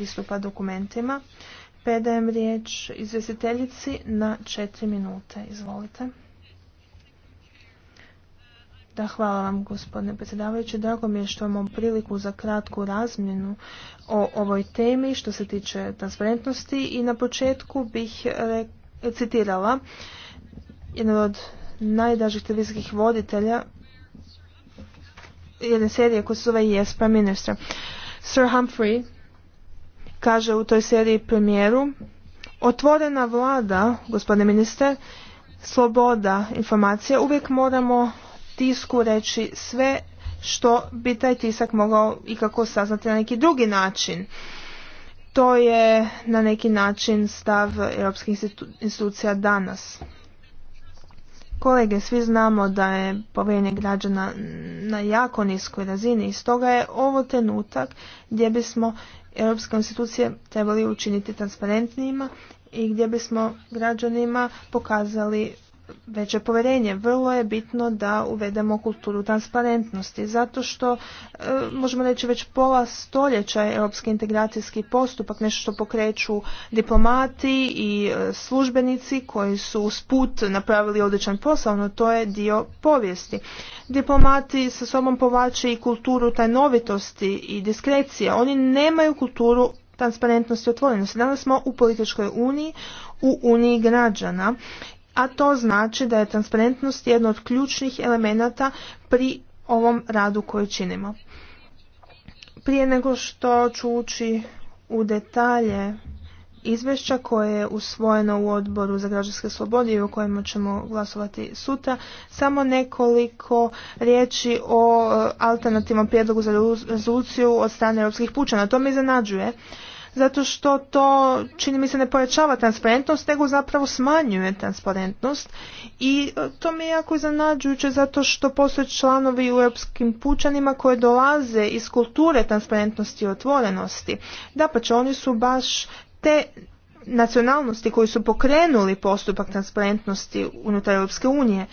pristupa dokumentima. Predajem riječ izvjestiteljici na četiri minute. Izvolite. Da, hvala vam gospodine predsjedavajući. Drago mi je što imamo priliku za kratku razmjenu o ovoj temi što se tiče transparentnosti i na početku bih citirala jedan od najdražih televizijskih voditelja jedne serije koja se zove Yes Prime Sir Humphrey kaže u toj seriji premijeru otvorena vlada, gospodine ministre, sloboda informacija, uvijek moramo tisku reći sve što bi taj tisak mogao ikako saznati na neki drugi način. To je na neki način stav europskih institucija danas. Kolege, svi znamo da je povjerenje građana na jako niskoj razini i stoga je ovo trenutak gdje bismo europske institucije trebali učiniti transparentnijima i gdje bismo građanima pokazali veće povjerenje. Vrlo je bitno da uvedemo kulturu transparentnosti, zato što, e, možemo reći, već pola stoljeća je europski integracijski postupak, nešto što pokreću diplomati i e, službenici koji su usput napravili odličan posao, no to je dio povijesti. Diplomati sa sobom povlače i kulturu novitosti i diskrecije. Oni nemaju kulturu transparentnosti i otvorenosti. Danas smo u političkoj uniji, u uniji građana a to znači da je transparentnost jedno od ključnih elemenata pri ovom radu koji činimo. Prije nego što ću ući u detalje izvješća koje je usvojeno u odboru za građanske slobode i o kojem ćemo glasovati sutra. Samo nekoliko riječi o e, alternativnom prijedlogu za rezoluciju od strane europskih pučana. To me iznenađuje zato što to čini mi se ne pojačava transparentnost nego zapravo smanjuje transparentnost i e, to mi je jako iznenađujuće zato što postoje članovi u europskim pučanima koje dolaze iz kulture transparentnosti i otvorenosti. Da pa će oni su baš te nacionalnosti koji su pokrenuli postupak transparentnosti unutar Europske unije.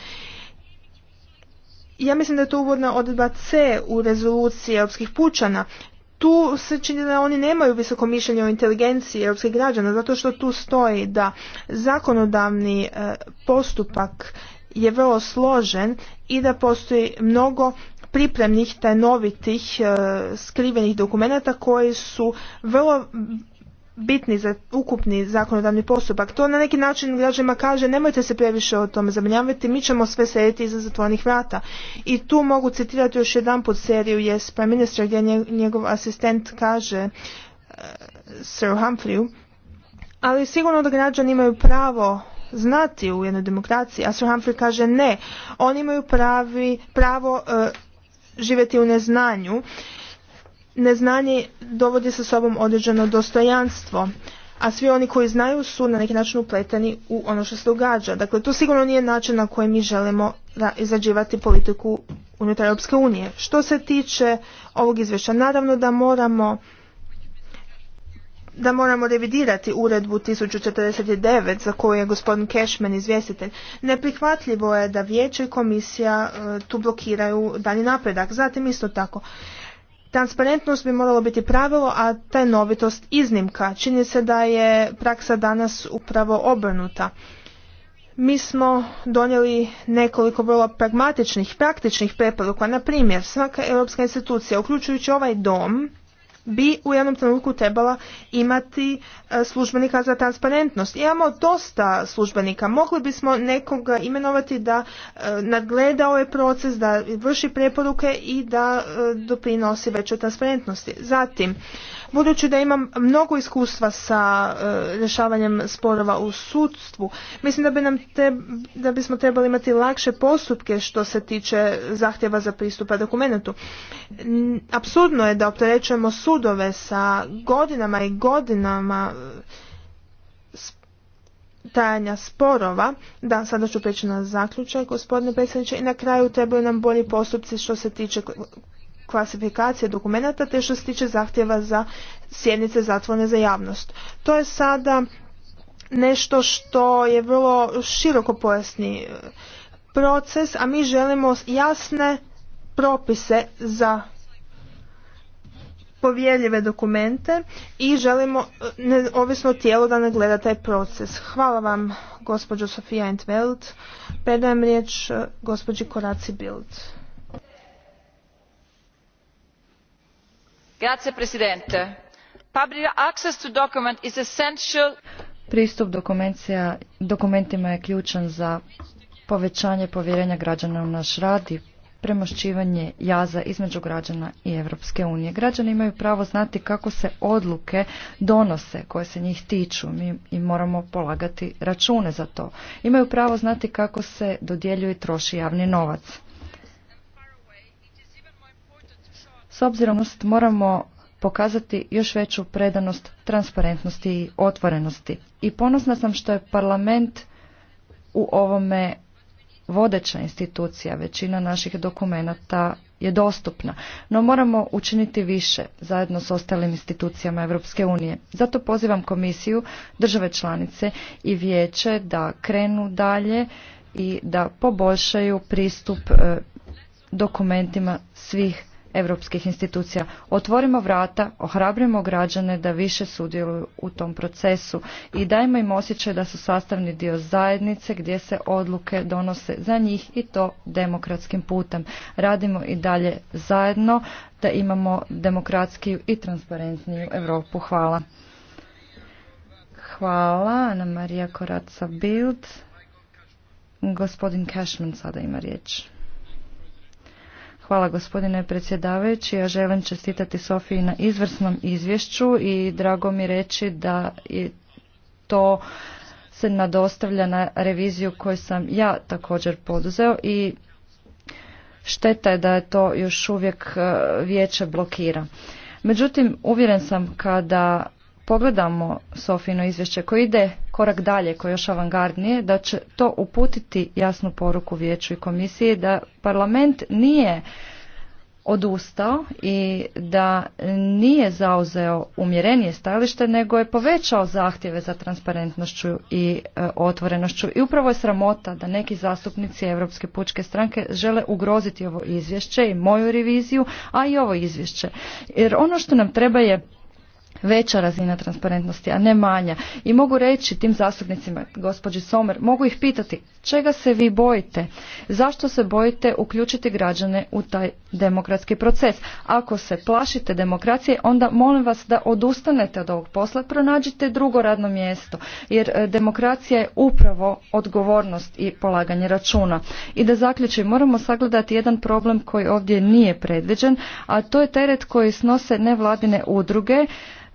Ja mislim da je to uvodna odredba C u rezoluciji europskih pučana tu se čini da oni nemaju visoko mišljenje o inteligenciji europskih građana, zato što tu stoji da zakonodavni e, postupak je vrlo složen i da postoji mnogo pripremnih, tajnovitih, e, skrivenih dokumenata koji su vrlo bitni za ukupni zakonodavni postupak. To na neki način građanima kaže nemojte se previše o tome zabrinjavati, mi ćemo sve sedjeti iza zatvornih vrata. I tu mogu citirati još jedan put seriju Yes Prime Minister gdje njegov asistent kaže e, Sir Humphrey ali sigurno da građani imaju pravo znati u jednoj demokraciji, a Sir Humphrey kaže ne, oni imaju pravi, pravo e, živjeti u neznanju neznanje dovodi sa sobom određeno dostojanstvo a svi oni koji znaju su na neki način upleteni u ono što se događa. Dakle, to sigurno nije način na koji mi želimo izrađivati politiku unutar Europske unije. Što se tiče ovog izvješća, naravno da moramo da moramo revidirati uredbu 1049 za koju je gospodin Cashman izvjestitelj. Neprihvatljivo je da vijeće i komisija e, tu blokiraju dalji napredak. Zatim isto tako, Transparentnost bi moralo biti pravilo, a ta novitost iznimka. Čini se da je praksa danas upravo obrnuta. Mi smo donijeli nekoliko vrlo pragmatičnih, praktičnih preporuka. Na primjer, svaka europska institucija, uključujući ovaj dom, bi u jednom trenutku trebala imati e, službenika za transparentnost. Imamo dosta službenika. Mogli bismo nekoga imenovati da e, nadgleda ovaj proces, da vrši preporuke i da e, doprinosi većoj transparentnosti. Zatim, Budući da imam mnogo iskustva sa e, rješavanjem sporova u sudstvu, mislim da bi nam da bismo trebali imati lakše postupke što se tiče zahtjeva za pristupa dokumentu. Apsurdno je da opterećujemo sudove sa godinama i godinama e, trajanja sporova. Da, sada ću preći na zaključak, gospodine predsjedniče, i na kraju trebaju nam bolji postupci što se tiče klasifikacije dokumenta, te što se tiče zahtjeva za sjednice zatvorene za javnost. To je sada nešto što je vrlo široko pojasni e, proces, a mi želimo jasne propise za povjerljive dokumente i želimo e, ovisno tijelo da ne gleda taj proces. Hvala vam gospođo Sofija Entveld. Predajem riječ e, gospođi Koraci Bild. Grazie, presidente. Public access to is essential. Pristup dokumentima je ključan za povećanje povjerenja građana u naš rad i premošćivanje jaza između građana i Europske unije. Građani imaju pravo znati kako se odluke donose koje se njih tiču. Mi im moramo polagati račune za to. Imaju pravo znati kako se dodjeljuje i troši javni novac. S obzirom moramo pokazati još veću predanost transparentnosti i otvorenosti. I ponosna sam što je parlament u ovome vodeća institucija. Većina naših dokumenata je dostupna, no moramo učiniti više zajedno s ostalim institucijama Europske unije. Zato pozivam komisiju, države članice i vijeće da krenu dalje i da poboljšaju pristup e, dokumentima svih europskih institucija. Otvorimo vrata, ohrabrimo građane da više sudjeluju u tom procesu i dajmo im osjećaj da su sastavni dio zajednice gdje se odluke donose za njih i to demokratskim putem. Radimo i dalje zajedno da imamo demokratskiju i transparentniju Europu. Hvala. Hvala, Ana Marija Koraca Bild. Gospodin Cashman sada ima riječ. Hvala gospodine predsjedavajući. Ja želim čestitati Sofiji na izvrsnom izvješću i drago mi reći da je to se nadostavlja na reviziju koju sam ja također poduzeo i šteta je da je to još uvijek e, vijeće blokira. Međutim, uvjeren sam kada pogledamo Sofino izvješće koje ide korak dalje koji je još avangardnije, da će to uputiti jasnu poruku vijeću i komisiji da parlament nije odustao i da nije zauzeo umjerenije stajalište nego je povećao zahtjeve za transparentnošću i e, otvorenošću i upravo je sramota da neki zastupnici Europske pučke stranke žele ugroziti ovo izvješće i moju reviziju, a i ovo izvješće. Jer ono što nam treba je veća razina transparentnosti, a ne manja. I mogu reći tim zastupnicima, gospođi Somer, mogu ih pitati čega se vi bojite? Zašto se bojite uključiti građane u taj demokratski proces? Ako se plašite demokracije, onda molim vas da odustanete od ovog posla, pronađite drugo radno mjesto, jer e, demokracija je upravo odgovornost i polaganje računa. I da zaključim, moramo sagledati jedan problem koji ovdje nije predviđen, a to je teret koji snose nevladine udruge,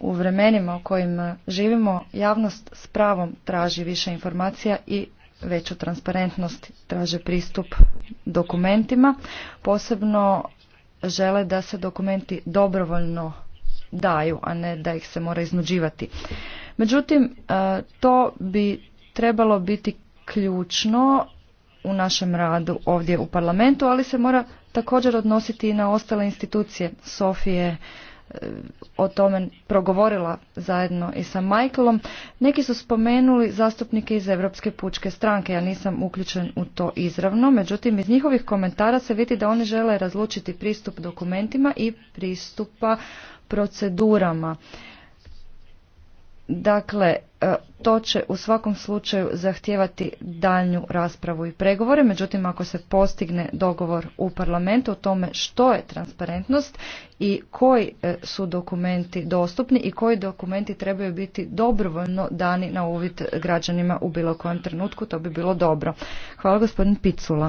u vremenima u kojim živimo, javnost s pravom traži više informacija i veću transparentnost, traže pristup dokumentima. Posebno žele da se dokumenti dobrovoljno daju, a ne da ih se mora iznuđivati. Međutim, e, to bi trebalo biti ključno u našem radu ovdje u parlamentu, ali se mora također odnositi i na ostale institucije, Sofije, o tome progovorila zajedno i sa Michaelom. Neki su spomenuli zastupnike iz Europske pučke stranke, ja nisam uključen u to izravno, međutim iz njihovih komentara se vidi da oni žele razlučiti pristup dokumentima i pristupa procedurama. Dakle, E, to će u svakom slučaju zahtijevati daljnju raspravu i pregovore, međutim ako se postigne dogovor u parlamentu o tome što je transparentnost i koji e, su dokumenti dostupni i koji dokumenti trebaju biti dobrovoljno dani na uvid građanima u bilo kojem trenutku, to bi bilo dobro. Hvala gospodin Picula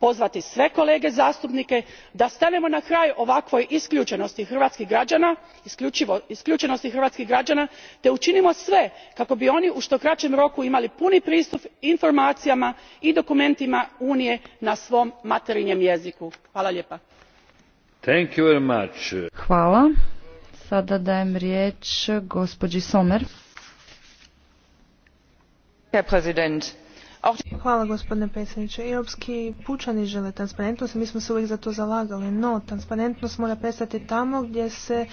pozvati sve kolege zastupnike da stanemo na kraj ovakvoj isključenosti hrvatskih građana isključenosti hrvatskih građana te učinimo sve kako bi oni u što kraćem roku imali puni pristup informacijama i dokumentima unije na svom materinjem jeziku. Hvala gospodine predsjedniče. Europski pučani žele transparentnost i mi smo se uvijek za to zalagali, no transparentnost mora prestati tamo gdje se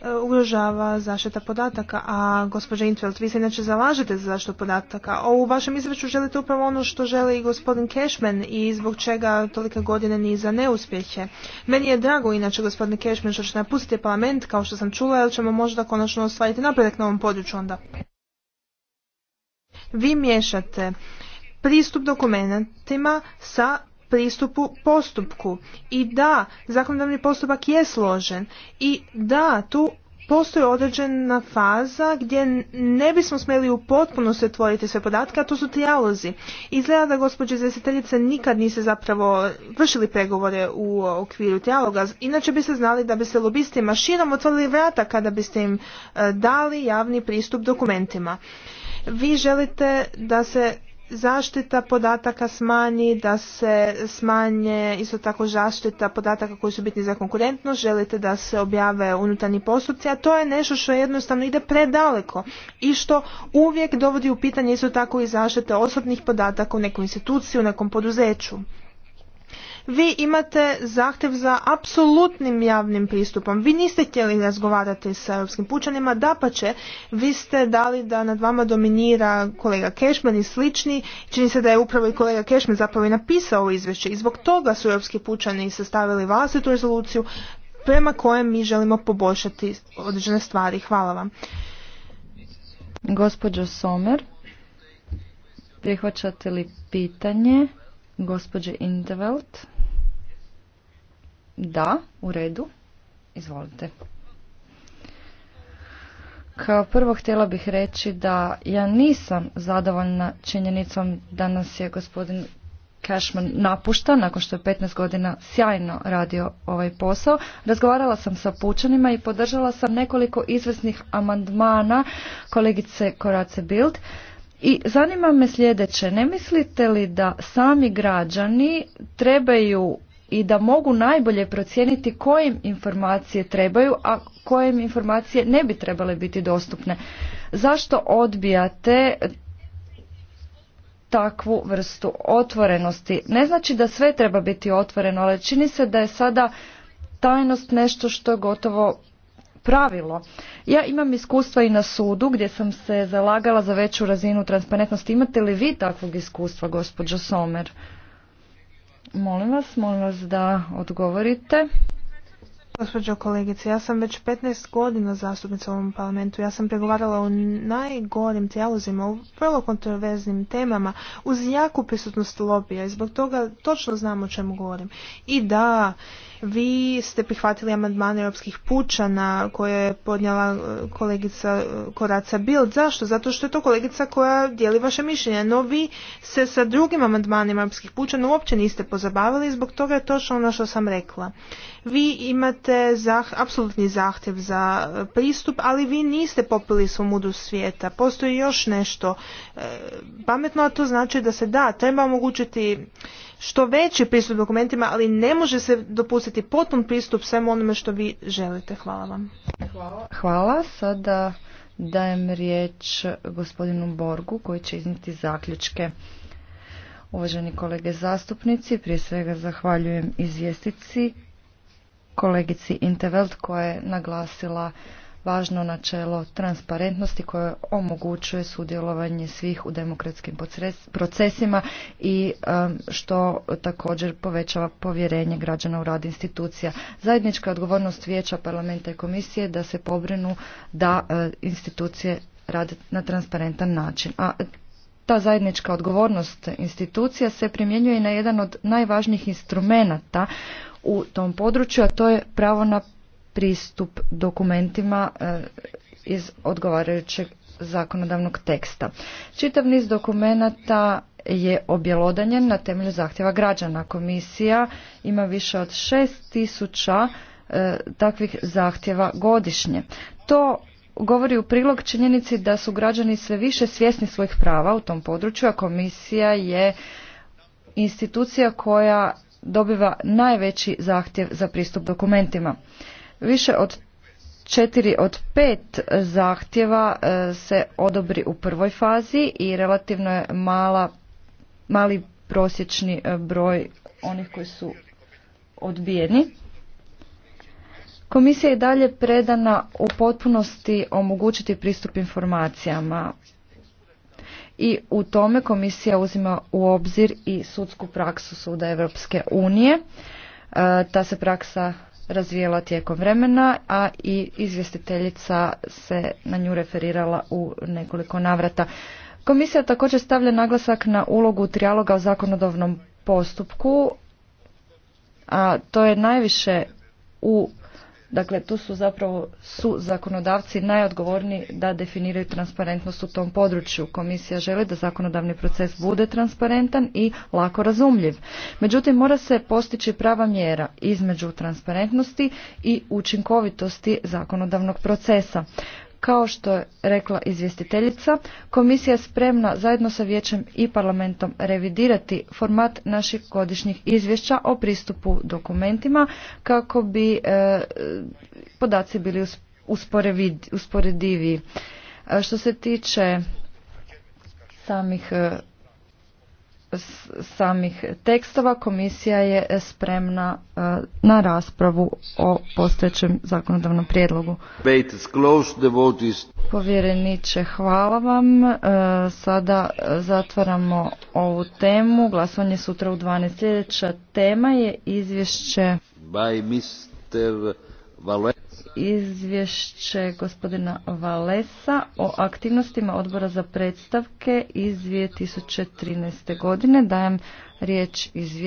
e, ugrožava zaštita podataka, a gospođa Intveld, vi se inače zalažete za zaštitu podataka, o u vašem izraču želite upravo ono što želi i gospodin Cashman i zbog čega tolike godine ni za neuspjehe. Meni je drago inače gospodine Cashman što će napustiti parlament kao što sam čula, jer ćemo možda konačno ostvariti napredak na ovom području onda. Vi miješate pristup dokumentima sa pristupu postupku. I da, zakonodavni postupak je složen. I da, tu postoji određena faza gdje ne bismo smjeli u potpunosti otvoriti sve podatke, a to su trijalozi. Izgleda da gospođe izvjestiteljice nikad niste zapravo vršili pregovore u okviru trijaloga, inače biste znali da biste lobistima širom otvorili vrata kada biste im e, dali javni pristup dokumentima. Vi želite da se zaštita podataka smanji, da se smanje isto tako zaštita podataka koji su bitni za konkurentnost, želite da se objave unutarnji postupci, a to je nešto što jednostavno ide predaleko i što uvijek dovodi u pitanje isto tako i zaštite osobnih podataka u neku instituciju, u nekom poduzeću vi imate zahtjev za apsolutnim javnim pristupom. Vi niste htjeli razgovarati sa europskim pučanima, da pa će, vi ste dali da nad vama dominira kolega Kešman i slični. Čini se da je upravo i kolega Kešman zapravo i napisao izvješće i zbog toga su europski pučani sastavili vlastitu rezoluciju prema kojem mi želimo poboljšati određene stvari. Hvala vam. Gospođo Somer, prihvaćate li pitanje? Gospođe Indeveld, Da, u redu. Izvolite. Kao prvo htjela bih reći da ja nisam zadovoljna činjenicom da nas je gospodin Cashman napušta nakon što je 15 godina sjajno radio ovaj posao. Razgovarala sam sa pučanima i podržala sam nekoliko izvesnih amandmana kolegice Korace Bild i zanima me sljedeće, ne mislite li da sami građani trebaju i da mogu najbolje procijeniti kojim informacije trebaju, a kojim informacije ne bi trebale biti dostupne? Zašto odbijate takvu vrstu otvorenosti? Ne znači da sve treba biti otvoreno, ali čini se da je sada tajnost nešto što je gotovo pravilo. Ja imam iskustva i na sudu gdje sam se zalagala za veću razinu transparentnosti. Imate li vi takvog iskustva, gospođo Somer? Molim vas, molim vas da odgovorite. Gospođo kolegice, ja sam već 15 godina zastupnica u ovom parlamentu. Ja sam pregovarala o najgorim trijalozima, o vrlo kontroverznim temama, uz jaku prisutnost lobija i zbog toga točno znam o čemu govorim. I da, vi ste prihvatili amandmane europskih pučana koje je podnijela e, kolegica e, Koraca Bild. Zašto? Zato što je to kolegica koja dijeli vaše mišljenje. No vi se sa drugim amandmanima europskih pučana uopće niste pozabavili i zbog toga je točno ono što sam rekla. Vi imate imate zah, apsolutni zahtjev za e, pristup, ali vi niste popili svu mudu svijeta. Postoji još nešto e, pametno, a to znači da se da, treba omogućiti što veći pristup dokumentima, ali ne može se dopustiti potpun pristup svemu onome što vi želite. Hvala vam. Hvala. Hvala. Sada dajem riječ gospodinu Borgu koji će izniti zaključke. Uvaženi kolege zastupnici, prije svega zahvaljujem izvjestici kolegici Intervelt koja je naglasila važno načelo transparentnosti koje omogućuje sudjelovanje svih u demokratskim procesima i um, što također povećava povjerenje građana u rad institucija. Zajednička odgovornost vijeća parlamenta i komisije da se pobrinu da uh, institucije rade na transparentan način. A ta zajednička odgovornost institucija se primjenjuje i na jedan od najvažnijih instrumenata u tom području, a to je pravo na pristup dokumentima e, iz odgovarajućeg zakonodavnog teksta. Čitav niz dokumenata je objelodanjen na temelju zahtjeva građana. Komisija ima više od šest e, takvih zahtjeva godišnje. To govori u prilog činjenici da su građani sve više svjesni svojih prava u tom području, a komisija je institucija koja dobiva najveći zahtjev za pristup dokumentima. Više od četiri od pet zahtjeva e, se odobri u prvoj fazi i relativno je mala, mali prosječni e, broj onih koji su odbijeni. Komisija je dalje predana u potpunosti omogućiti pristup informacijama i u tome komisija uzima u obzir i sudsku praksu Suda Europske unije. E, ta se praksa razvijela tijekom vremena, a i izvjestiteljica se na nju referirala u nekoliko navrata. Komisija također stavlja naglasak na ulogu trijaloga o zakonodavnom postupku, a to je najviše u Dakle, tu su zapravo su zakonodavci najodgovorniji da definiraju transparentnost u tom području. Komisija želi da zakonodavni proces bude transparentan i lako razumljiv. Međutim, mora se postići prava mjera između transparentnosti i učinkovitosti zakonodavnog procesa. Kao što je rekla izvjestiteljica, komisija je spremna zajedno sa vijećem i parlamentom revidirati format naših godišnjih izvješća o pristupu dokumentima kako bi e, podaci bili usporedivi. E, što se tiče samih e, samih tekstova komisija je spremna e, na raspravu o postojećem zakonodavnom prijedlogu. Povjereniče, hvala vam. E, sada zatvaramo ovu temu. Glasovanje sutra u 12. Sljedeća tema je izvješće... By Izvješće gospodina Valesa o aktivnostima odbora za predstavke iz 2013. godine. Dajem riječ izvješću.